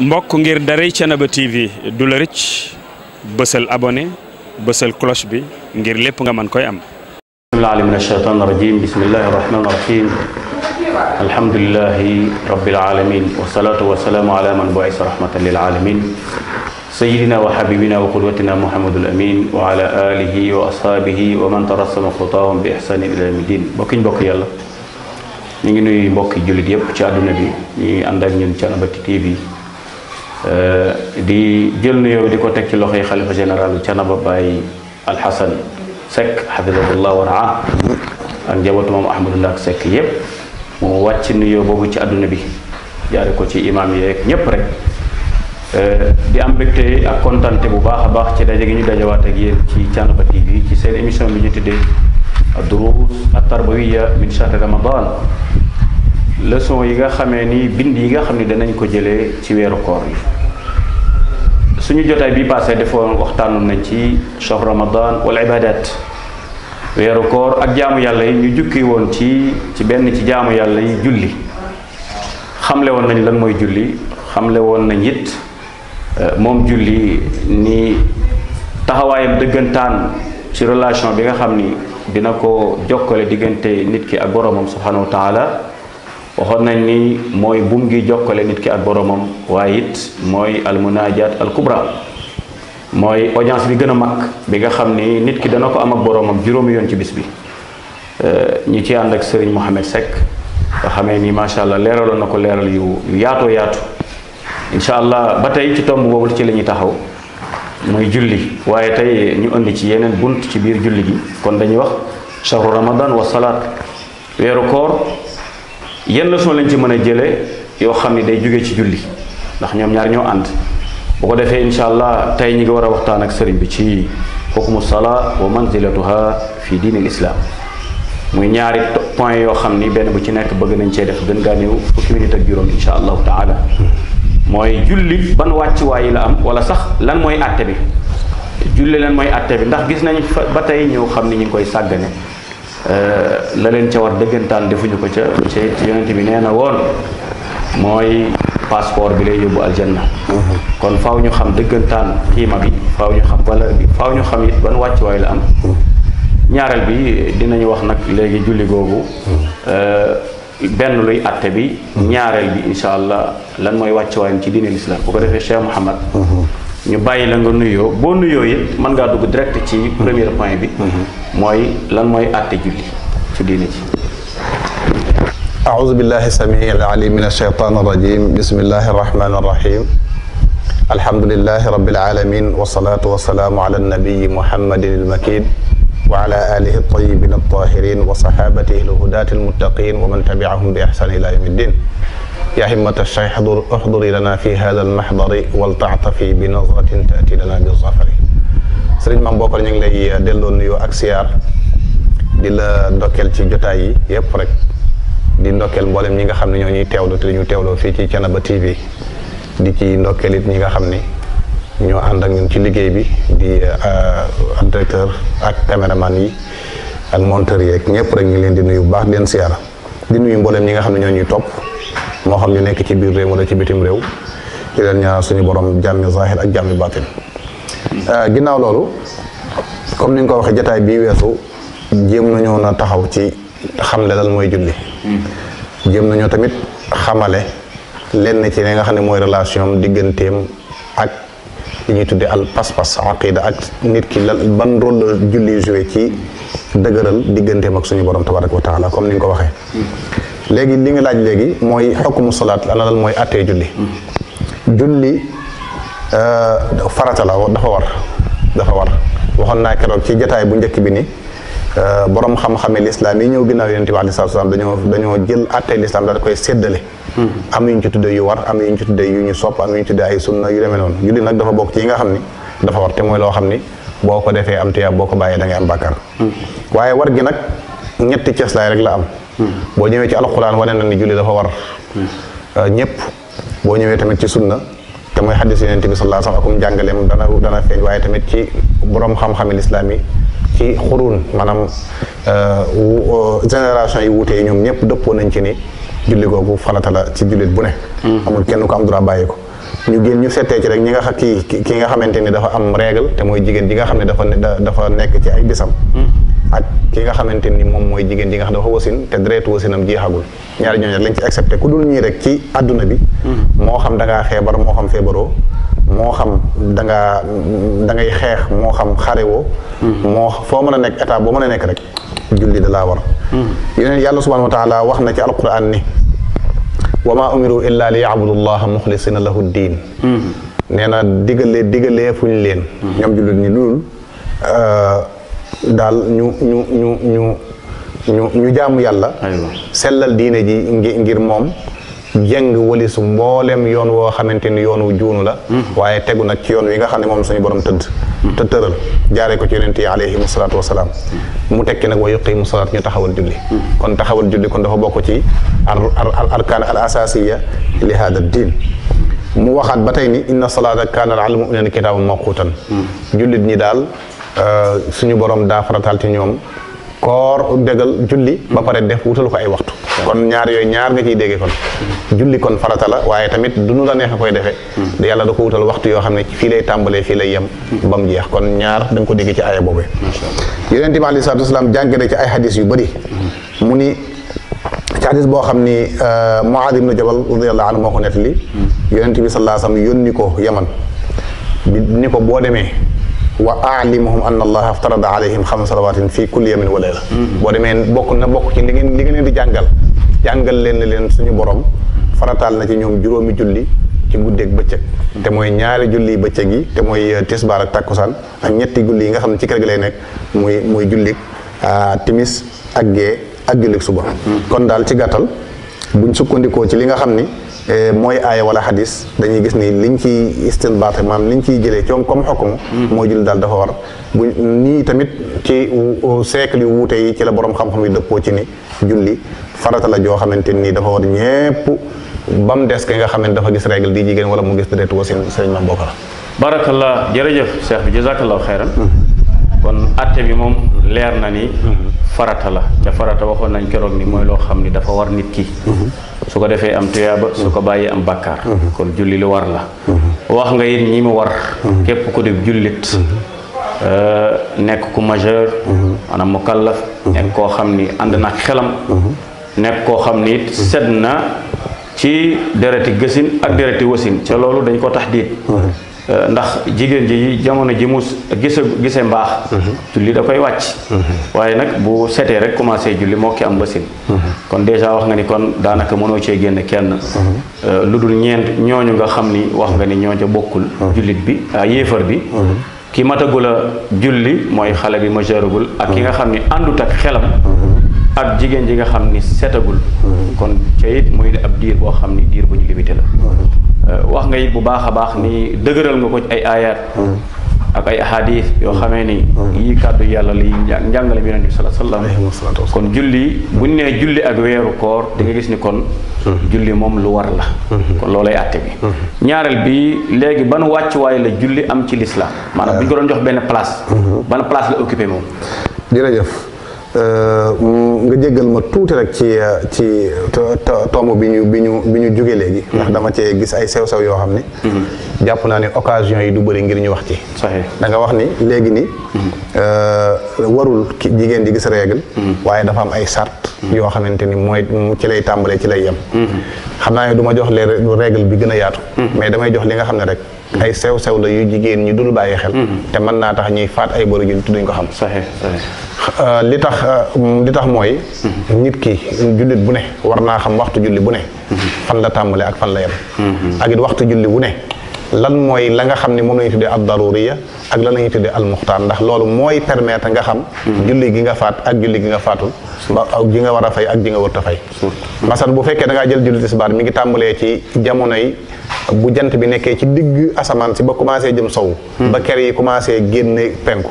mbokk ngir daray Thiénaba TV du cloche bi ngir lépp nga mën koy am bismillahi ali min ashaytan irajim bismillahi arrahman irrahim man bu'isa rahmatan lil alamin sayidina wa habibina wa qudwatina muhammadul amin wa ala alihi man tarassama xutaahum bi ihsanin ila yawmi din bokkiñ bokk yàlla ñu ngi nuyu mbokki jullit yépp ci àdduna bi TV Euh, di jël nuyoo bi di ko teg ci loxoy xalifa général Thiénaba Baye Alxasan Seck xafidahullah wa raa ak njabootu moom Ahmadou Ndak sekk yëpp moo wàcc nuyoo boobu ci àdduna bi jaare ko ci imaam yeeg ñëpp rek euh, di am mbégte ak kontante bu baax a baax ci daje gi ñu dajawaat ak yéen ci Thiénaba TV ci seen émission bi ñu tuddee ad-duruus at-tarbawiya min shahr ramadan leçon yi nga xame ni bind yi nga xam ni danañ ko jëlee ci weeru koor yi suñu jotaay bi passé defoon waxtaanu nañ ci shahr ramadan wal ibadat weeru koor ak jaamu yàlla yi ñu jukki woon ci ci benn ci jaamu yàlla yi julli xamle woon nañ lan mooy julli xamle woon nañ it euh, moom julli ni taxawaayam dëggantaan ci relation bi nga xam ni dina ko jokkale diggante nit ki ak boroomam subhanahu wa waxoon nañ ni mooy buum gi jokkale nit ki ak boromam waaye it mooy almunajat al kubra mooy audience bi gën a mag bi nga xam ni nit ki dana ko am ak boromam juróomi yoon ci bis bi euh, ñi ci ànd ak Serigne Mohamed Seck nga xamee ni macha allah leeraloon na ko leeral yu yaatoo yaatu incha allah ba tey ci tomb boobu ci lañuy taxaw muy julli waaye tey ñu indi ci yeneen bunt ci biir julli gi kon dañuy wax shahru ramadan wa salaat weeru koor yenn leçon lañ ci mën a jëlee yoo xam ni day jóge ci julli ndax ñoom ñaar ñoo ànd bu ko defee incha allah tey ñi ngi war a waxtaan ak sëriñ bi ci xukmu salaa wa manzilatuha fi diinil islam muy ñaari point yoo xam ni benn bu ci nekk bëgg nañ cee def gën gaa néew fukki minute ak juróom incha allahu taala mooy julli ban wàccuwaay la am wala sax lan mooy àtte bi julli lan mooy àtte bi ndax gis nañ fa ba tey ñoo xam ni ñu koy sàggane Euh, la leen ca war dëggantaan defuñu ko ca ca yonent bi nee na woon mooy passeport bi lay yóbbu aljanna mhm. kon faw ñu xam dëggantaan xiima bi faw ñu xam valeur bi ñu xam it ban wàccuwaay la am mhm. ñaareel bi dinañu wax nag léegi julli googu mhm. euh, benn luy atte bi ñaareel bi incha allah lan mooy wàccuwaayam ci diine lislaam bu ko defee Cheikh Mouhamad ñu bàyyi la nga nuyoo boo nuyoo it mën ngaa dugg direct ci premier point bi mooy lan mooy àtte julli ci diine ci أعوذ بالله السميع العليم من الشيطان الرجيم بسم الله الرحمن الرحيم الحمد لله رب العالمين والصلاة والسلام على النبي محمد المكين وعلى آله الطيبين الطاهرين وصحابته الهداة المتقين ومن تبعهم بإحسان إلى يوم الدين yaa himmata cheikh uxduri lana fi hada almaxdari wal taatafi bi nazratin taati lana bi zafari sëriñ Maam Bokar ñu ngi lay delloo nuyoo ak siyaar di la ndokkeel ci jotaay yi yépp rek di ndokkeel mboolem ñi nga xam ne ñoo ñuy teewlu te ñu teewloo fii ci Thiénaba TV di ci ndokel it ñi nga xam ni ñoo ànd ak ñun ci liggéey bi di ab euh, directeur ak caméraman yi ak monteur yi ak ñëpp rek ñu leen di nuyu bu baax leen siyaara di nuyu mboolem ñi nga xam ne ñoo ñuy topp moo xam ñu nekk ci biir réew wala ci bitim réew di leen ñaanal suñu borom jàmmi ak jàmmi baatin euh, ginnaaw loolu comme ni nga ko waxee jataay bii weesu jéem nañoo na taxaw ci xamle lan mooy julli jéem nañoo tamit xamale lenn ci li nga xam ne mooy relation digganteem ak li ñuy tuddee al pas-pas aqida ak nit ki lan ban rôle la julli joué ci dëgëral digganteem ak suñu borom tabaraka wa taala comme ni nga ko waxee léegi li nga laaj léegi mooy xokkumu salaat lan lan mooy attee julli julli euh, farata la dafa war dafa war waxoon naa keroog ci jataay bu njëkk bi ni euh, borom xam-xame lislaam yi ñëw ginnaaw yonente bi alei salatu salaam dañoo dañoo jël attee lislaam daal koy séddale hmm. am yu ñu ci tuddee yu war am yu ñu ci tuddee yu ñu sopp am yu ñu tuddee ay sunna yu demee noonu julli nag dafa bokk ci yi nga xam ni dafa war te mooy loo xam ni boo ko defee am tiyaa boo ko bàyyee da ngay am bàkkar hmm. waaye war gi nag ñetti ceeslaay rek la am boo ñëwee ci alxuraan wane na ni julli dafa war hmm. euh, ñëpp boo ñëwee tamit ci sunna te mooy xaddis yonent bi sallallahu sa wa sallam akum jàngaleem dana dana feeñ waaye tamit ci boroom xam-xami lislaam yi ci xuruun manam euh, euh, génération yi wutee ñoom ñëpp dëppoo nañ ci ni julli googu farata la ci jullit bu ne hmm. amul kenn ko am droit bàyyi ko ñu génn ñu settee ci rek ñi nga xa kii ki nga xamante ni dafa am règle te mooy jigéen ji nga xam ne dafa dafa nekk ci ay bisam hmm. ak ki nga xamante ni moom mooy jigéen ji nga xam dafa wasin te deretu wasinam jeexagul ñaari ñooñu lañ ci accepté ku dul ñii rek ci àdduna bi mm-hmm. moo xam da ngaa xeebar moo xam feebaroo moo xam da ngaa da ngay xeex moo xam xarewoo mm-hmm. moo foo mën a nekk état boo mën a nekk rek julli da laa war mm-hmm. yeneen yàlla subhanahu wa taala wax na ci alquran ni wa maa umiru illa li yabudu llaha muxlisina lahu diin nee na diggalee diggalee fuñ leen ñoom jullit ñi lulul daal ñu ñu ñu ñu ñu ñu jaamu yàlla sellal diine ji ngir moom jëng walisu mboolem yoon woo xamante ni yoonu juunu la hmm. waaye tegu nag ci yoon wi nga xam ne moom suñu borom tëdd hmm. te tëral jaaree ko ci yonent yi alayhim salaatu wasalaam hmm. mu tekki nag wa yuqimu salaat ñu taxawal julli kon taxawal julli kon dafa bokk ci ar al arkaan al li hada diin mu waxaat ba tey ni inna salaata kaanat alal mu'minina kitaaban mawquutan jullit ñi daal Euh, suñu borom daa faratal ci ñoom koor dégal julli ba pare def wutalu ko ay waxtu kon ñaar yooyu ñaar nga ciy déggee kon julli kon farata la waaye tamit du nu la neexe koy defee da hmm. yàlla da ko wutal waxtu yoo xam ne fii lay tàmbalee fii lay yem ba mu jeex kon ñaar da ko déggee ci aaya boobee yonent bi aleyhi salaatu wa salaam jàngale ci ay xadis yu bëri hmm. ni ci boo xam ni euh, Muaad ibnu Jabal radiyallahu anhu moo ko nettali hmm. yonent bi sallallahu alayhi wa sallam yónni ko yaman bi ni ko boo demee wa alimhum anna allaha aftarada alayhim xamsa salawatin fii kulli yamin wa layla mm-hmm. boo demee bokk na bokk ci li ngeen li ngeen leen di jàngal jàngal leen ne leen suñu borom farataal na ci ñoom juróomi julli ci guddeeg bëccëg mm-hmm. te mooy ñaari julli bëccëg yi te mooy uh, tisbaar ak takkusaan ak ñetti julli yi nga xam ne ci kër gi lay nekk muy muy jullig uh, timis ak gee ak jullig suba mm-hmm. kon daal ci gàttal buñ sukkandikoo ci li nga xam ni Eh, mooy aaya wala xadis dañuy gis ni liñ ciy istinbaate maanaam liñ ciy jëlee coom comme xokkum hmm. moo julli daal dafa war bu nii tamit ci siècle yu wuute yi ci la borom xam-xam yi dëppoo ci ni julli farata la joo xamante nii dafa war ñépp ba mu des ki nga xam ne dafa gis règle di jigéen wala mu gis déretu wasin sëriñ Mame Bokar barakallah jërëjëf cheikh bi jazakallahu xayran hmm. kon atte bi moom leer na ni hmm. farata la ca farata waxoon nañ keroog ni mooy loo xam ni dafa war nit ki su ko defee am tuyaaba su ko bàyyee am bàkkaar mhm. kon julli lu war la mhm. wax nga it ñi mu war mhm. képp ku di jullit euh, nekk ku majeur maanaam mu kallaf nekk koo xam ni ànd na xelam nekk koo xam ni it set na ci dereti gësin ak dereti wasin ca loolu dañ ko tax diit Euh, ndax jigéen ji jamono ji mu gise gise mbaax mhm. julli da koy wàcc mhm. waaye nag bu setee rek commencé julli moo ki am basin mhm. kon dèjà wax nga ni kon daanaka mënoo cee génn kenn euh, lu dul ñeent ñooñu nga xam ni wax nga ni ñoo ca bokkul jullit bi ah, yéefar bi ki matagul a julli mooy xale bi majeuragul ak ki nga xam ni àndut ak xelam ak jigéen ji nga xam ni setagul kon ca it ab diir boo xam ni diir bu ñu limité la euh, wax nga it bu baax a baax ni dëgëral ko ay aayaat ak ay ahadis yoo xamee ni yii kàddu yàlla li njàngale yonent bi sallallahu alayhi wa sallam kon julli buñ nee julli ak weeru koor di nga gis ni kon julli moom lu war la kon loolay àtte bi ñaareel bi léegi ban wàccuwaay la julli am ci lislaam maanaam bu ñu doon jox benn place mhm. ban place la occupé moom Euh, nga jéggal ma tuuti rek ci euh, ci tomb bi ñu bi ñu bi ñu jóge léegi mhm. ndax dama cee gis ay sew-sew yoo xam ni mhm. jàpp naa ne occasion yi du bëri ngir ñu wax ci da nga wax ni léegi ni mhm. euh, warul ki jigéen di gis règle waaye dafa am ay sart yoo xamante ni mooy ci lay tàmbalee ci lay yem xam naa ne duma jox les règle bi gën a yaatu mais damay jox li nga xam ne rek ay sew-sew la yu jigéen ñi dul bàyyi xel te mën naa tax ñuy faat ay boru jul te duñ ko xam Euh, li tax euh, li tax mooy. Mhm. nit ki jullit bu ne war naa xam waxtu julli bu ne. Mhm. fan la tàmbale ak fan la yem. Mhm. ak it waxtu julli bu ne. lan mooy la nga xam ni moom la ñuy tuddee al daruriya ak lan la ñuy tuddee al muxtaar ndax loolu mooy permettre nga xam. julli gi nga faat ak julli gi nga faatul. ba ak ji nga war a fay ak ji nga warut a fay. masalan bu fekkee da ngaa jël julli tisbaar mi ngi tàmbalee ci jamono yi bu jant bi nekkee ci digg asamaan si ba commencé jëm sow. ba kër yi commencé génne penku.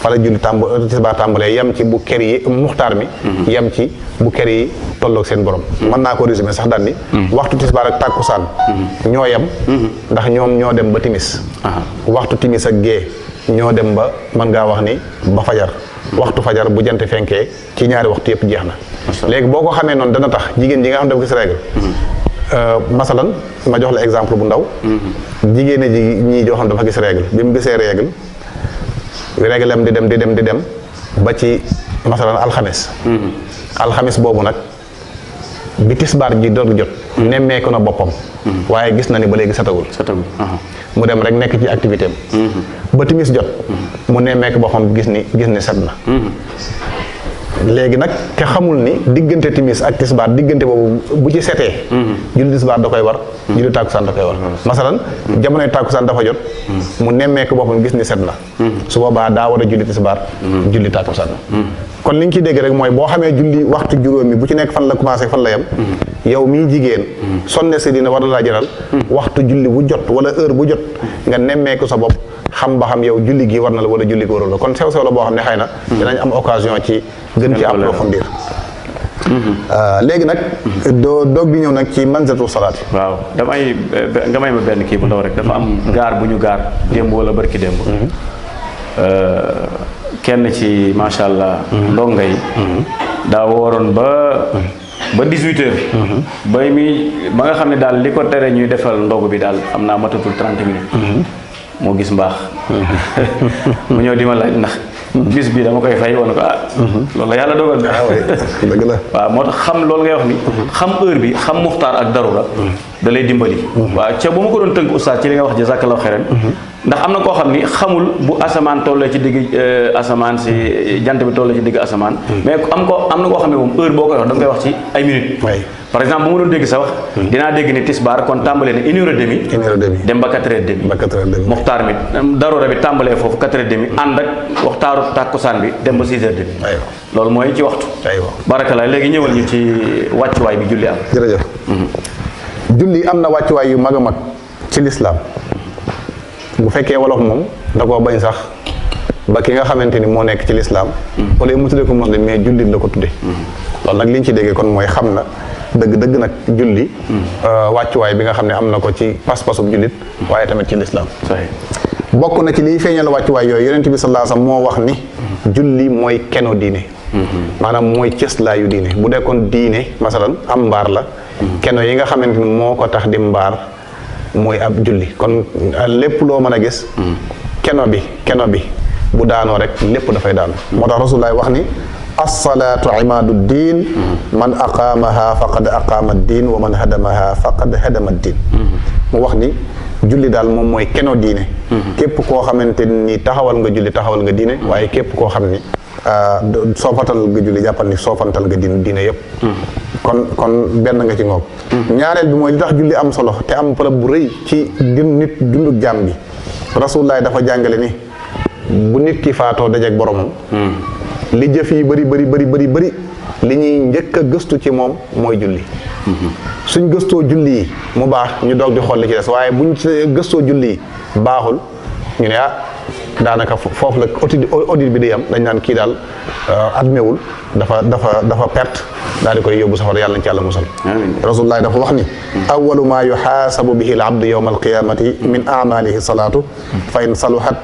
fa la julli tàmb tàmbalee yem ci bu ker yi muxtaar mi mhm. yem ci bu ker yi tolloog seen borom mhm. mën naa ko résumé sax daal ni mhm. waxtu tisbaar ak tàkkusaan ñoo yem ndax ñoom ñoo dem ba timis waxtu timis ak gée ñoo dem ba mën ngaa wax ni ba fajar waxtu fajar bu jant fenkee ci ñaari waxtu yëpp jeex na léegi boo ko xamee noonu dana tax jigéen ji nga xam ne dafa gis règle euh, masalan ma jox la exemple bu ndaw jigéen ñi ñii joo xam dafa gis règle bi mu gisee règle réglam di dem di dem di dem ba ci masalan alxames mhm. alxames boobu nag bi tisbaar ji doon jot mhm. nemmeeku na boppam mhm. waaye gis na ni ba léegi setagul setagul mu dem rek nekk ci activité am ba timis jot mu nemmeeku boppam gis ni gis ni set na léegi nag te xamul ni diggante timis ak tisbaar diggante boobu bu ci setee mhm. julli tisbaar da koy war mhm. julli tàkkusaan da koy war mhm. masalan jamonoy tàkkusaan dafa jot mu nemmeeku boppam gis ni set na su boobaa daa war a julli tisbaar julli tàkkusaan kon li ñu ciy dégg rek mooy boo xamee julli waxtu juróomi bu ci nekk fan la commencé fan la yem yow mii jigéen sonne si dina war a laa jaral waxtu julli bu jot wala heure bu jot nga nemmeeku sa bopp xam ba xam yow julli gi war na la wala julli gi warul la kon sew sew la boo xam ne xëy na hmm. dinañ am occasion ci gën ci approfondir hmm. euh, léegi nag hmm. doo doog bi ñëw nag ci manzatu salaat yi waaw damay nga may ma benn kii bu ndaw rek dafa am gaar bu ñu gaar démb wala barki démb euh, kenn ci macha allah ndongo yi daa wooroon ba ba 18 heures bay mi ba nga xam ne daal li ko tere ñuy defal ndogu bi daal am naa matatul 30 minutes moo gis mbaax mu ñëw di ma laaj ndax gis bii dama koy fay woon ko ah loolu la yàlla dogal ah dëgg la waaw moo tax xam loolu ngay wax ni mm-hmm. xam heure bi xam muxtaar ak darura da lay dimbali. Mhm. waaw ca bu ma ko doon tënk oustaz ci li nga wax jazakallahu xeran mhm. ndax am na koo xam ni xamul bu asamaan tollee ci digg euh, asamaan si jant bi tollee ci digg asamaan. Mhm. mais am ko am na koo xam ne moom heure boo koy wax da koy wax ci ay minutes. par exemple bu ma doon dégg sa wax. dinaa dégg ni tisbaar kon tàmbalee na une heure et demie. une heure dem ba quatre et demie. ba mi euh, daroora bi tàmbalee foofu quatre heures et demie ànd ak waxtaaru tàkkusaan bi dem ba six heures et demie. loolu mooy ci waxtu. aywa barakalaay léegi ñëwal bi julli julli am na wàccuwaay yu mag a mag ci lislaam bu fekkee wolof moom da koo bañ sax ba ki nga xamante ni moo nekk ci lislaam wala mu tudde ko muslim mais jullit la ko tudde loolu nag liñ ci déggee kon mooy xam na dëgg dëgg nag julli euh, wàccuwaay bi xam ne am na ko ci pas-pasub jullit waaye tamit ci lislaam bokk na ci liy feeñal wàccuwaay yooyu yonent bi sallallahu alayhi wasallam moo wax ni julli mooy keno diine mm-hmm. maanaam mooy cëslaayu diine bu dekkoon diine masalan am mbaar la keno yi nga xamante ni moo ko tax di mbaar mooy ab julli kon euh, lépp loo mën a gis mm. keno bi keno bi bu daanoo rek lépp dafay daanu mm. moo tax rasulullaay wax ni alsalaatu imaadu mm. man aqaamaha faqad aqaama diin wa man hadamaha faqad hadama diin mm-hmm. wax ni julli daal moom mooy keno diine mm-hmm. képp koo xamante ni taxawal nga julli taxawal nga diine waaye képp koo xam ni Euh, soofatal nga julli jàppal ni soofantal nga din diine yëpp hmm. kon kon benn nga ci ngoog hmm. ñaareel bi mooy li tax julli am solo te am pala bu rëy ci din nit dunduk jaam bi rasulullah dafa jàngale ni bu nit ki faatoo dajeeg boromam hmm. li jëf yi bëri bëri bëri bëri bëri li ñuy njëkk a gëstu ci moom mooy julli suñ gëstoo julli yi mu baax ñu doog di xool li ci des waaye buñ gëstoo julli yi baaxul ñu ne ah daanaka foofu la audit audit bi di yam dañ naan kii daal euh, admewul dafa dafa dafa perte daal di koy yóbbu safara yàlla nañ ci yàlla musal rasulullah dafa wax ni hmm. awalu maa yuxaasabu bihi al abdu yowma alqiyamati min amalihi salaatu fa in saluhat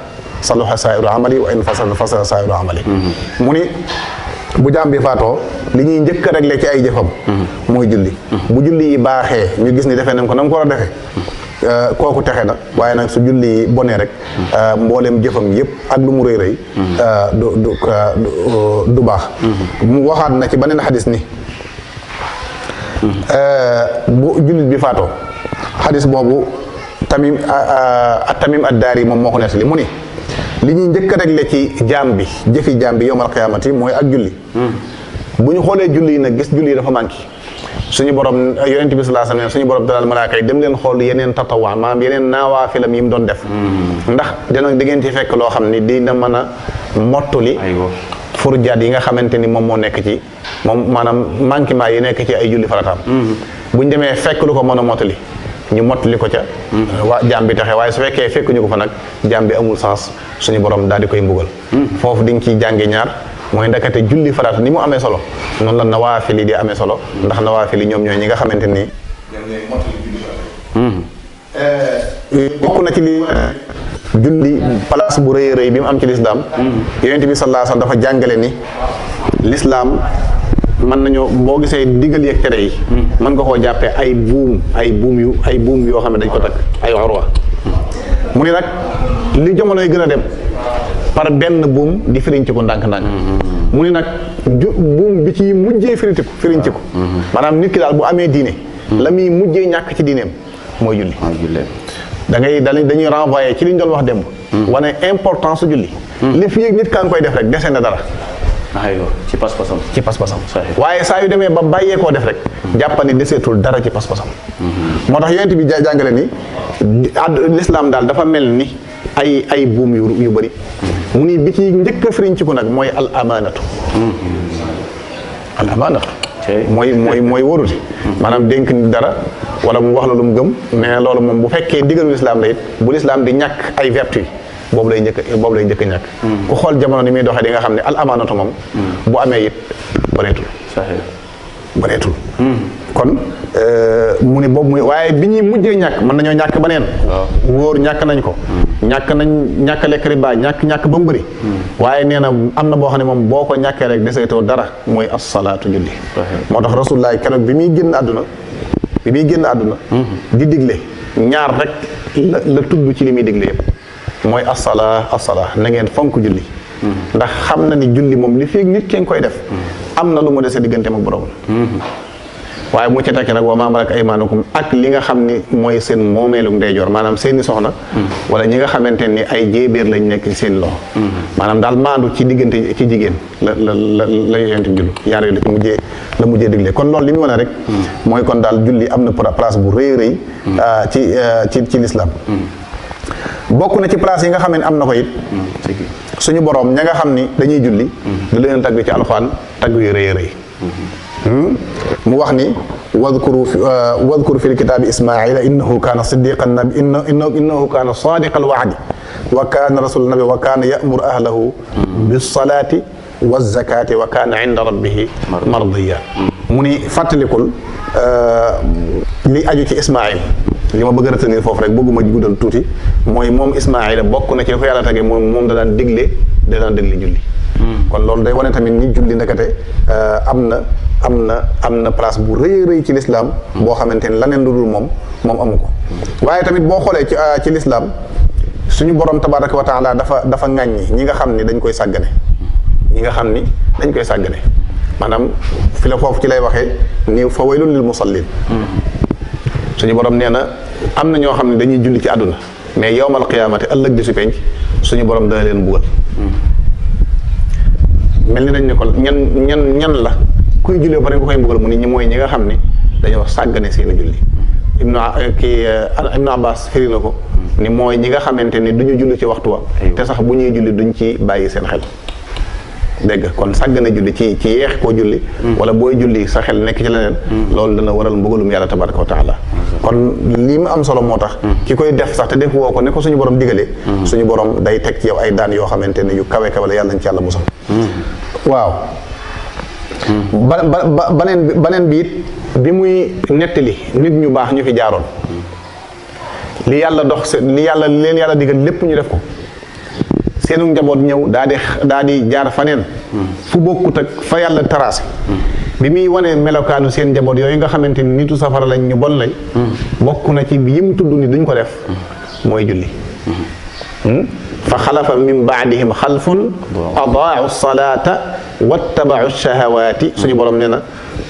saluha sairu amali wa in fasada fasada sairu amali hmm. mu ni bu jaam bi faatoo li ñuy njëkk a réglé ci ay jëfam hmm. mooy julli bu julli yi baaxee ñu gis ni defee nañ ko na mu ko war Euh, kooku texe na waaye nag su julli bonee rek euh, mbooleem jëfam yëpp ak lu mu rëy rëy euh, du baax mu waxaat na ci beneen xadis ni bu jullit bi faatoo xadis boobu tamim ak tamim ad daar yi moom moo ko li mu ni li ñuy njëkk rek la ci jaam bi jëfi jaam bi yowmal qiyaamati mooy ak julli hmm. bu ñu xoolee julli yi nag gis julli yi dafa manqué suñu borom eh, yonent bi sallallahu alayhi wasallam suñu borom daal malaaka yi dem leen xool yeneen tatawaan maanaam yeneen naawaafilam yi mu doon def hmm. ndax dina di ngeen ci fekk loo xam ni dina mën a mottuli furjaat yi nga xamante ni moom moo nekk ci moom maanaam manquement yi nekk ci ay julli farataam hmm. buñ demee fekk lu ko mën a mottali ñu mottali ko ca hmm. waa jaam bi taxe waaye su fekkee fekkuñu ko fa nag jaam bi amul sens suñu borom daal di koy mbugal foofu di nga ciy jànge ñaar mooy ndakate julli farata ni mu amee solo noonu la nawaafil yi di amee solo ndax nawaafil yi ñoom ñooy ñi nga xamante nii hmm. eh, bokk na ci li eh, julli place bu rëy rëy bi mu am ci lislaam hmm. yonent bi sallallahu alayhi wasallam dafa jàngale ni lislaam mën nañu boo gisee digal yeeg tere yi hmm. mën nga koo jàppee ay buum ay buum yu ay buum yoo xam ne dañ ko takk ay orwa mu ne nag li jamonoy gën a dem par benn buum di firiñtiku ndànk-ndànk mu ne nag buum bi ci mujjee firiñtiku firiñtiku maanaam nit ki daal bu amee diine hmm. la muy mujjee ñàkk ci diineem mooy julli da ngay dañuy renvoyé ci li ñu doon wax démb hmm. wane importance su julli hmm. li fi yëg nit kaa ngi koy def rek dese na dara aywa ci pas-pasam ci pas-pasam waaye saa yu demee ba bàyyee koo def rek jàppani deseetul dara ci pas-pasam moo tax yonent bi jàngale ni l'islam daal dafa mel ni ay ay buum yu yu bëri mu ni bi ci njëkk a firinciku nag mooy al amaanatu al amaanatu mooy mooy mooy warute maanaam dénk dara wala mu wax la lu mu gëm mais loolu moom bu fekkee digalu lislaam la it bu lislaam di ñàkk ay vertu boobu lay njëkk boobu lay njëkk ñàkk hmm. ku xool jamono ni muy doxee di xam ne al amaanatu moom hmm. bu amee it bareetul bareetul hmm. kon euh, mu ne boobu muy waaye bi ñuy mujjee ñàkk mën nañoo ñàkk ba neen wóor ñàkk nañ ko ñàkk nañ ñàkk lekk riba ñàkk ñàkk ba mu hmm. waaye nee na am na boo xam ne moom boo ko ñàkkee rek deseetoo dara mooy assalaatu julli moo tax rasulullah keroog bi muy génn àdduna bi muy génn àdduna hmm. digle ñaar rek la ci li muy digle mooy asala asala na ngeen fonk julli hmm. ndax xam na ni julli moom li fekk nit ki koy def am na lu mu dese diggante ak borom waaye mu ci tekki nag wa ay malakat aymaanukum ak li nga xam ni mooy seen moomeelu ndeyjoor maanaam seeni soxna mm-hmm. wala ñi nga xamante ni ay jéebéer lañ nekk ci seen loxo mm-hmm. maanaam daal maandu ci diggante ci jigéen la lañu la la yonent yaa yaar yooyu la mujjee la mujjee digle kon loolu li mu wane rek mm-hmm. mooy kon daal julli am na pour place bu rëy rëy ah, ci ah, ci ci lislaam bokk na ci place yi nga xam ne am na ko it suñu boroom ña nga xam ni dañuy julli da leen tagg ci alxuraan tagg yu rëy Hmm? mu wax ni wadkuru wadkuru fi uh, lkitaabi ismaila innahu kaana siddiqan nabi innahu kaana wa kaana rasul nabi wa kaana yamur ahlahu bisalaati wazakaati wa kaana inda rabbihi mardiya mu ni fàttalikul uh, li aju ci ismail li bëgg a retenir foofu rek bëgguma guddal tuuti mooy moom ismaila bokk na ci ko moom moom digle julli hmm. kon loolu day wane ni julli ndekete uh, am na am na am na place bu rëy rëy ci lislaam boo xamante ni laneen lu dul moom moom amu ko waaye tamit boo xoolee ci euh, ci lislaam suñu borom tabaraka wa taala dafa dafa ŋàññi ñi nga xam ni dañ koy sàggane ñi nga xam ni dañ koy sàggane maanaam fi la foofu ci lay waxee ni fa waylun lil musallin suñu borom nee na am na ñoo xam ne dañuy julli ci àdduna mais yowmal qiyaamati ëllëg bi si penc suñu borom dana leen mbugal mm. mel ni dañ ne ko ñan ñan ñan la kuy jullee bari bu koy mbugal mu ni ñi mooy ñi nga xam ne dañoo sàggane seen i julli ibnu eh, kii eh, ibnu abbas na ko ni mooy ñi nga xamante ni duñu julli ci waxtu wa te sax bu ñuy julli duñ ci bàyyi seen xel dégg kon sàggane julli ci ci yeex koo julli mm. wala booy julli sa xel nekk ci leneen mm. loolu dana waral mbugalum yàlla tabaraka wa taala kon lii mu am solo moo tax mm. ki koy def sax te def woo ko ne ko suñu borom digalee suñu borom day teg ci yow ay daan yoo xamante ni yu kawe kawe la yàlla nañ ci yàlla musal waaw ba ba baneen baneen bi it bi muy nettali nit ñu baax ñu fi jaaroon li yàlla dox seen li yàlla leen yàlla digal lépp ñu def ko seenu njaboot ñëw daa di daa di jaar faneen fu bokkut ak fa yàlla tracé bi muy wanee melokaanu seen njaboot yooyu nga xamante ni nitu safara lañ ñu bon lañ bokk na ci yi mu tudd ni duñ ko def mooy julli hmm? fa xalafa min baadihim xalfun adaau salaata wattabau shahawaati suñu borom nee na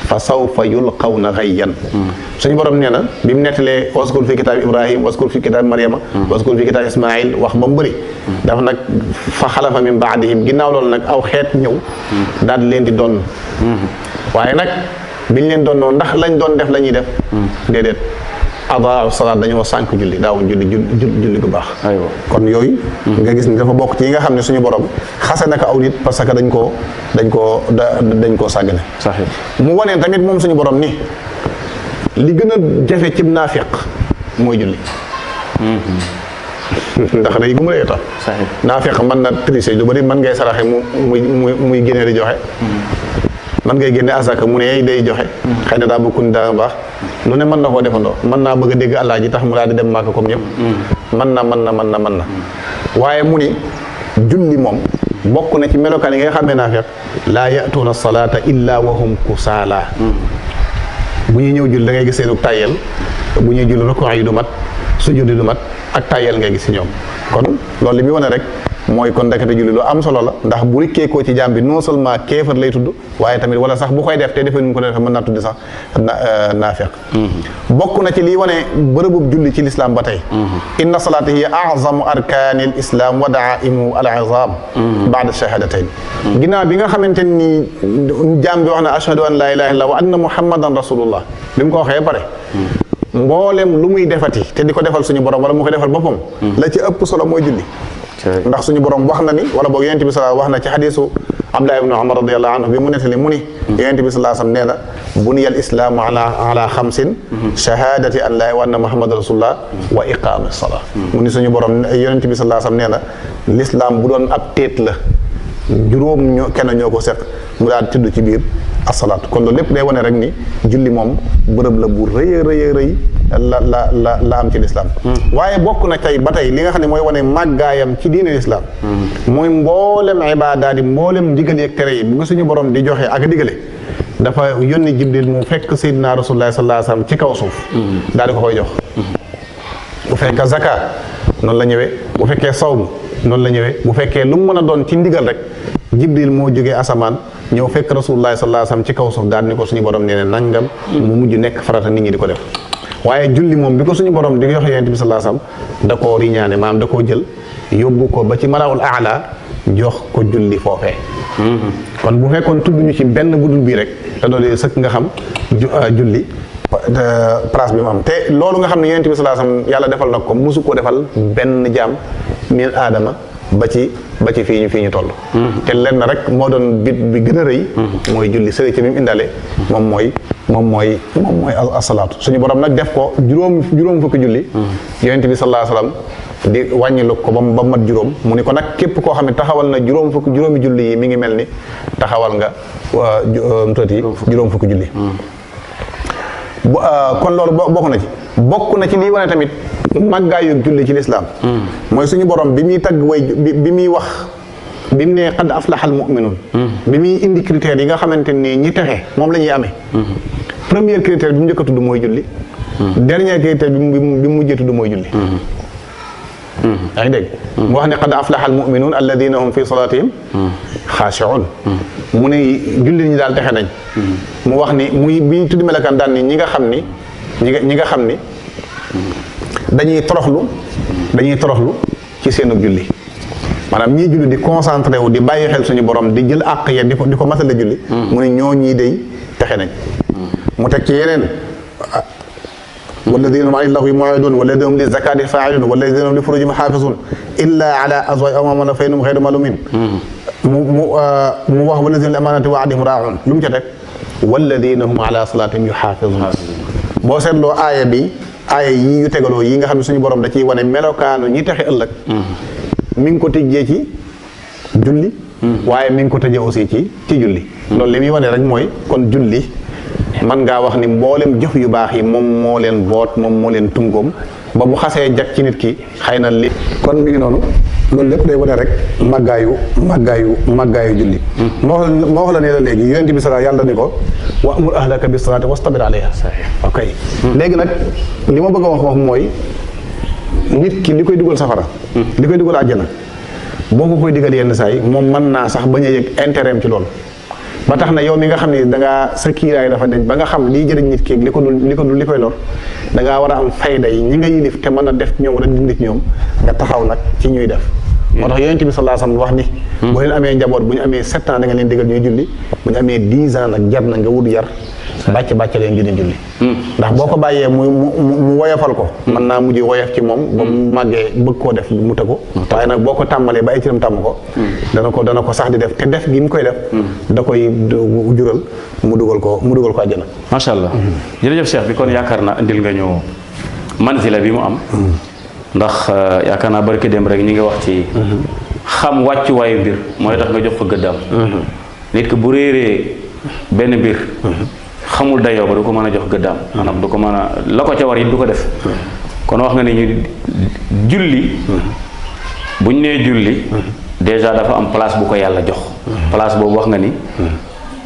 fa sawfa yulqawna xayyan suñu borom nee na bi mu nettalee waskur fi kitaabi ibrahim waskur fi kitaabi mariama waskur fi kitaabi ismail wax ba mu bëri dafa nag fa xalafa min baadihim ginnaaw loolu nag aw xeet ñëw daal di leen di doon mm-hmm. waaye nag biñ leen doon donnoo ndax lañ doon def la ñuy def mm-hmm. déedéet adaaw salaat dañoo sànk julli daawuñ julli julli bu baax kon yooyu hmm. nga gis ni dafa bokk ci yi nga xam ne suñu borom xase naka aw nit parce que dañ koo dañ koo da dañ koo sàggane mu wanee tamit moom suñu borom ni li gën a jafe cib naafiq mooy julli hmm. ndax day gu mu lay tax naafiq mën na tricher lu bari man ngay saraxe mu muy muy muy génne di joxe man hmm. ngay génne asaka mu ne day joxe xëy na daa bëkkun daa baax lu ne mën na koo defandoo mën naa bëgg a dégg àllaa ji tax mu daal di dem màkk comme ñëpp man mm. na man na man na waaye mu ni julli moom bokk na ci melokaan yi nga xamee naa fekk laa yatuuna salaata illa wahum kusaala bu ñuy ñëw julli da ngay gis seenu tàyyel bu ñuy julli rokon yi du mat sujudi du mat ak tàyyel ngay gis si ñoom kon loolu li muy wane rek mooy kon ndekete julli loo am solo la ndax bu rikkee koo ci jaam bi non seulement keefar lay tudd waaye tamit wala sax bu koy def te defe nu ko def mën naa tudd sax euh, naafeq mm-hmm. bokk na ci lii wane bërëbub julli ci lislaam ba tey mm-hmm. inna salaata hiya azamu arkaani l islam wa daaimu al azam mm-hmm. baada shahadatayn ginnaaw bi nga xamante ni jaam bi wax na ashhadu an laa ilaha illallah wa anna muhammadan rasulullah bi mu ko waxee pare mboolem lu muy defati te di ko defal suñu borom wala mu koy defal boppam la ci ëpp solo mooy julli ndax suñu borom wax na ni wala boo yonente bi sala wax na ci xadisu abdulahi ibnu amar radiallahu anhu bi mu nettali mu ni hmm. yonente bi salaa sam nee na buniyal islaamu ala ala xamsin hmm. shahadati an laa wa anna muhammad rasulullah wa iqaami salaa hmm. mu ni suñu borom yonente bi salaa sam nee na lislaam bu doon ab téet la juróom ñoo kenn ñoo ko seq mu daal tudd ci biir assalaat kon loolu lépp day wone rek ni julli moom bërëb la bu rëy a rëy la la am ci lislaam hmm. waaye bokk na tey ba tey li nga xam ne mooy wane màggaayam ci diine lislaam hmm. mooy mboolem ibaadaat yi mboolem digale ak tere yi bu suñu borom di joxe ak digale dafa yónni jibril mu fekk sayyidina rasulullah sallallahu alayhi wasallam ci kaw suuf hmm. daal di ko koy jox bu fekkee zaka noonu la ñëwee bu fekkee saw sawm noonu la ñëwee bu fekkee lu mu mën a doon ci ndigal rek jibril moo jógee asamaan ñëw fekk rasulullah sallallahu alayhi wasallam ci kaw suuf daal ni ko suñu borom nee ne nangam mu mujj nekk farata nit ñi di ko def waaye julli moom bi ko suñu borom di ko jox yonent bi sallallahu alayhi wasallam da koo riñaane maanaam da koo jël yóbbu ko ba ci malaawul aala jox ko julli foofe kon bu fekkoon tudd ñu ci benn bu dul bii rek te doole sëkk nga xam euh, julli place bi mu am te loolu nga xam ne yonent bi sallallahu alayhi wasallam yàlla defal na ko mosu ko defal benn jaam min aadama ba ci ba ci fii ñu fii ñu toll mm-hmm. te lenn rek moo doon bi gën a rëy mm-hmm. mooy julli sëriñ ci bi mu indaale moom mooy moom mooy asalaat suñu borom nag def ko juróom juróom fukki julli mm-hmm. yonent bi sallallahu alayhi juróom mu ni ko nag képp koo xam ne taxawal na juróom fukki juróomi julli yi mi ngi mel ni taxawal nga euh, tëti juróom fukki julli euh, kon loolu bokk na ci bokk na ci lii wane tamit màggaayu julli ci lislaam hmm. mooy suñu borom bi muy tagg way bi muy wax bi mu ne qad aflaxal muminuun hmm. bi muy indi critères yi nga xamante nii ñi texe moom la ñuy amee hmm. premier critère bi mu njëkk a tudd mooy julli dernier critère bi mu bi mu mujjee tudd mooy julli yaa ngi dégg mu wax ne qad aflaxal muminuun alladina hum fi salatihim xaashiun mu ne julli ñi daal texe nañ mu wax ni muy bi ñu tudd melakaan daan ni ñi nga xam ni ñi ñi nga xam ni dañuy toroxlu dañuy toroxlu ci seenub julli maanaam ñii julli di concentré wu di bàyyi xel suñu borom di jël àq ya di ko di ko matale julli hmm. mu ne ñoo ñii day texe nañ hmm. mu teg ci yeneen hmm. walladina hum ani llaahi mu'ridun walladina yu li zakaati faa'ilun walladina hum li furujihim haafizuun illaa ala azwaajihim aw maa malakat aymanuhum ghayra maluumiin mu mu uh, mu wax walladina li amaanaati wa ahdihim raa'uun lu mu ca teg di hum ala salaatihim yuhaafizuun boo seetloo bi aaya yi ñu tegaloo yi nga xam ne suñu borom da ciy wane melokaanu ñi texe ëllëg mm-hmm. mi ngi ko tëjee ci julli mm-hmm. waaye mi ngi ko tëjee aussi ci ci julli mm-hmm. loolu li muy wane rek mooy kon julli man ngaa wax ni mboolem jëf yu baax yi moom moo leen boot moom moo leen tungoom ba bu xasee jag ci nit ki xay na li kon mi ngi noonu loolu lépp day wane rek maggaayu màggaayu màggaayu julli moo hmm. wax moo wax la ne la léegi yonent bi sala yàlla ni wa amur ahlaka bis salaati wastabir alayha ok hmm. léegi nag li ma bëgg a wax wax mooy nit ki li koy dugal safara hmm. li koy dugal àjjana boo ko koy digal yenn saa yi moom mën naa sax bañ a yëg intérêt ci loolu ba tax na yow mi nga xam ne dangaa sa kiiraay dafa deñ ba nga xam lii jëriñ nit kéeg li ko dul li ko dul li koy lor dangaa war a am fayda yi ñi nga yilif te mën a def ñoom rek dindit ñoom nga taxaw nag ci ñuy def moo tax yonent bi sallallahu alayhi wasallam wax ni hmm. bu leen amee njaboot bu ñu amee sept ans nga leen digal ñuy julli bu ñu amee dix ans nag jar na nga wut yar hmm. bàcc bàcc leen di leen julli hmm. ndax boo ko bàyyee mu woyofal ko man naa mujj woyof ci moom ba mu màggee bëgg koo def mu tëgu waaye nag boo ko tàmbalee ba ay cëram ko dana ko dana ko sax di def te def gi mu koy def da koy jural mu dugal ko mu dugal ko àjjana macha allah jërëjëf Cheikh bi kon yaakaar na indil nga ñëw manzila bi mu am ndax euh, yaakaar naa barke dem rek ñi nga wax ci xam waayu mbir mooy tax nga jox ko gëddaam nit ki bu réeree benn mbir xamul dayo ba du ko mën a jox gëddaam maanaam du ko mën a la ko ca war it du ko def kon wax nga ne ñu julli buñ nee julli déjà dafa am place bu ko yàlla jox place boobu wax nga ni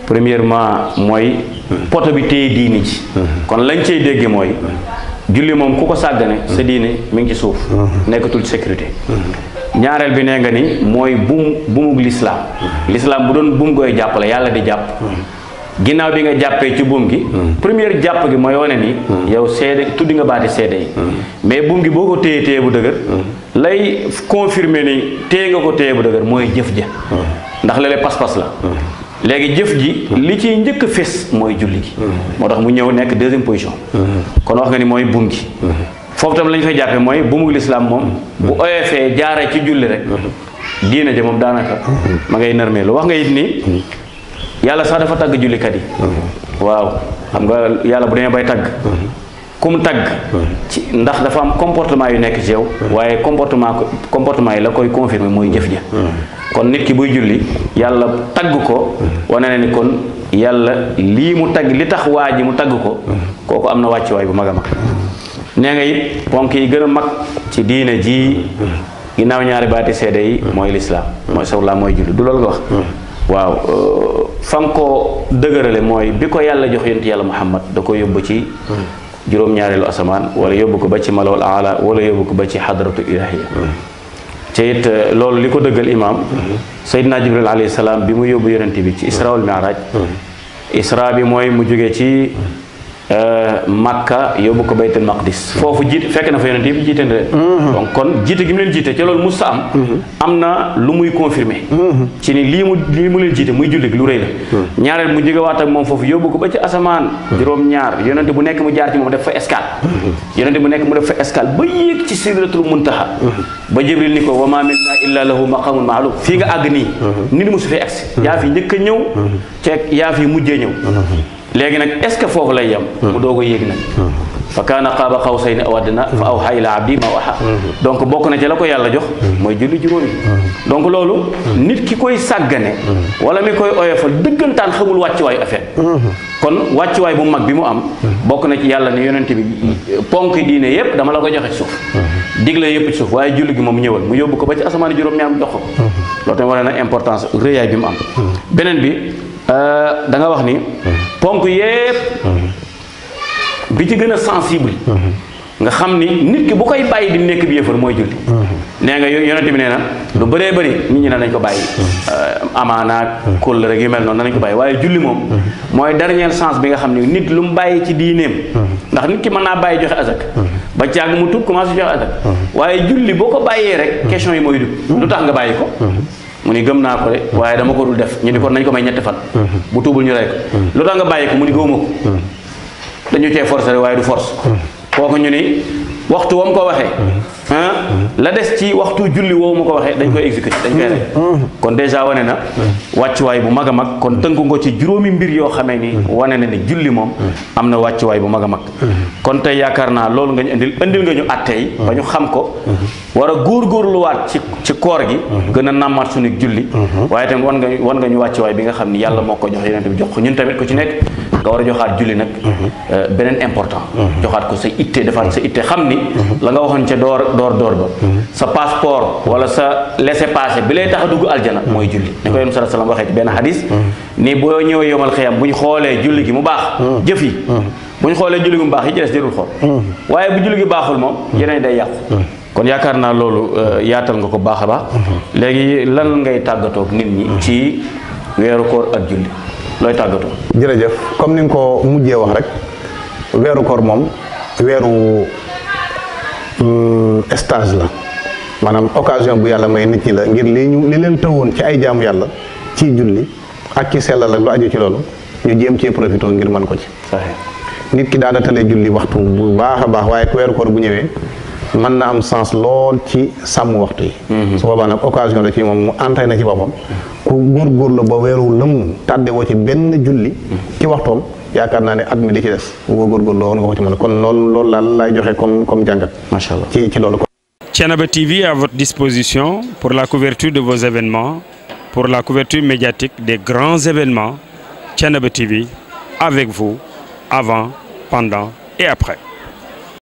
premièrement mooy poto bi téye diini ci kon lañ cay dégge mooy julli moom ku ko sàggane sa diine mi ngi ci suuf nekkatul sécurité ñaareel bi nee nga ni mooy buum buumug lislaam lislaam bu doon buum gooy jàppale yàlla di jàpp ginnaaw bi nga jàppee ci buum gi première jàpp gi mooy wane ni yow seede tuddi nga baati seede yi mais buum gi boo ko téye téye bu dëgër lay confirmer ni téye nga ko téye bu dëgër mooy jëf ja ndax léeg pas-pas la léegi jëf ji li ciy njëkk a mooy julli gi moo tax mu ñëw nekk deuxième position kon wax nga ni mooy buum ji foofu tam la ñu koy jàppe mooy buumug lislaam moom bu oyofee jaaree ci julli rek diina ja moom daanaka ma ngay nërmeelu wax nga it ni yàlla sax dafa tàgg jullikat yi waaw xam nga yàlla bu demee bay tàgg kum tàgg ci ndax dafa am comportement yu nekk ci yow waaye comportement comportement yi la koy confirmer mooy jëf ja kon nit ki buy julli yàlla tagg ko wane na ni kon yàlla lii mu tagg li tax waa ji mu tagg ko kooku am na wàccuwaay bu mag a mag nee nga it ponk yi gën a mag ci diine ji ginnaaw ñaari baati seede yi mooy lislaam mooy sawlaa mooy julli du loolu nga wax waaw euh, fa nga dëgërale mooy bi ko yàlla jox yonent yàlla muhammad da ko yóbbu ci juróom-ñaareelu asamaan wala yóbbu ko ba ci malawal aala wala yóbbu ko ba ci xadratu ilahiya te it euh, loolu li ko dëggal imaam mhm. Seydina Jibril alayhi salaam bi mu yóbbu yonent bi ci isra wal mi'raj mhm. isra bi mooy mu jóge ci mhm. Euh, Makka yóbbu ko baytul maqdis foofu jiit fekk na fa yonent yëpp jiite na mhm. donc kon jiite gi mu leen jiite ca loolu mus am mhm. am na lu muy confirmé mhm. ci ni lii mu lii mu leen jiite muy jullit lu rëy la ñaareel mu jógewaat ak moom foofu yóbbu ko ba ci asamaan juróom-ñaar yonent bu nekk mu jaar ci moom def fa escale yonent bu nekk mu def fa escale ba yéeg ci sidratul muntaha ba jibril ni ko wa ma minna illa lahu maqamun maalum fii nga àgg nii nit mu su njëkk a ñëw ceeg yaa fi mujjee ñëw léegi nag est ce que foofu lay yem hmm. mu doog a yéeg nag hmm. fa kaana qaaba qawsayni aw adnaa fa hmm. awhaa ilaa abdii maa a donc bokk na ci la ko yàlla jox mooy julli juróom yi donc loolu nit ki koy sàggane wala mi koy oyofal dëggantaan xamul wàccuwaayu affaire kon wàccuwaay bu mag bi mu am bokk na ci yàlla ne yonent bi ponk diine yépp dama la ko joxee suuf digle yépp suuf waaye julli gi moom ñëwal mu yóbbu ko ba ci asamaani juróom ñaar jox ko loolu tamit na importance rëyaay bi mu am ponk yépp bi ci gën a sensible nga xam ni nit ki bu koy bàyyi di nekk bi yëfar mooy julli nee nga yonent bi nee na lu baree bëri nit ñi ne nañ ko bàyyi euh, amaanaak kóll rek yu mel noonu nañ ko bàyyi waaye julli moom mooy dernière chance bi nga xam ni nit lu mu bàyyi ci diineem ndax nit ki mën naa bàyyi joxe asak ba caag mu tuub commencé joxe asak waaye julli boo ko bàyyee rek question yi mooy dugg lu tax nga bàyyi ko mu ni gëm naa ko de waaye dama ko dul def ñu ni kon nañ ko may ñetti fan mhm. bu tuubul ñu rek ko mhm. lu tax nga bàyyi ko mu ni gëwuma ko mhm. dañu cee forcé rek waaye du force kooku ñu ni waxtu wam ko waxee la des ci waxtu julli woowu ma ko waxee dañ koy exécuté dañ koy rek kon dèjà wane na wàccuwaay bu mag a mag kon tënku ko ci juróomi mbir yoo xamee ni wane na ni julli moom am na wàccuwaay bu mag a mag kon tey yaakaar naa loolu nga ñu indil indil nga ñu àtte yi ba ñu xam ko war a góorgóorluwaat ci ci koor gi gën a nàmmaat suñu julli waaye tamit wan nga wan nga ñu wàccuwaay bi nga xam ni yàlla moo ko jox yeneen bi jox ko ñun tamit ko ci nekk nga war a joxaat julli nag euh, beneen important joxaat ko sa ittee defaat sa ittee xam ni la nga waxoon ca door door door ba sa passeport wala sa laissez-passer bi lay tax a dugg aljana mooy julli ni ko yonent sallallahu alayhi wasallam waxee ci benn boo ñëwee yomal xiyam bu ñu xoolee julli gi mu baax jëf yi bu ñu xoolee julli gu baax yi ci des jërul xool hmm. waaye bu julli gi baaxul moom hmm. yeneen day yàqu hmm. kon yaakaar naa loolu euh, yaatal nga ko baax a baax léegi lan ngay tàggatoog nit ñi ci weeru koor ak julli looy tàggatoo jërëjëf comme ni nga ko mujjee wax rek weeru koor moom weeru euh, stage la maanaam occasion bu yàlla may nit ñi la ngir li ñu ni leen tëwoon ci ay jaamu yàlla ci julli ak ci sellal ak lu aju ci loolu ñu jéem cee profité ngir mën ko ci nit ki daana talee julli waxtu bu baax a baax waaye weeru koor bu ñëwee man na am sens lool ci sàmm waxtu yi mhm. su boobaa nag occasion la ci moom mu antay na ci boppam ku góorgóorlu ba weeru lëm tàdde woo ci benn julli ci waxtoom yaakaar naa ne at mi di ci des boo góorgóorlu woon nga ko ci mën kon lool loolu laal lay joxe comme comme jàngat macha allah ci ci ko Thiénaba TV à votre disposition pour la couverture de vos événements pour la couverture médiatique des grands événements Thiénaba TV avec vous avant pendant et après.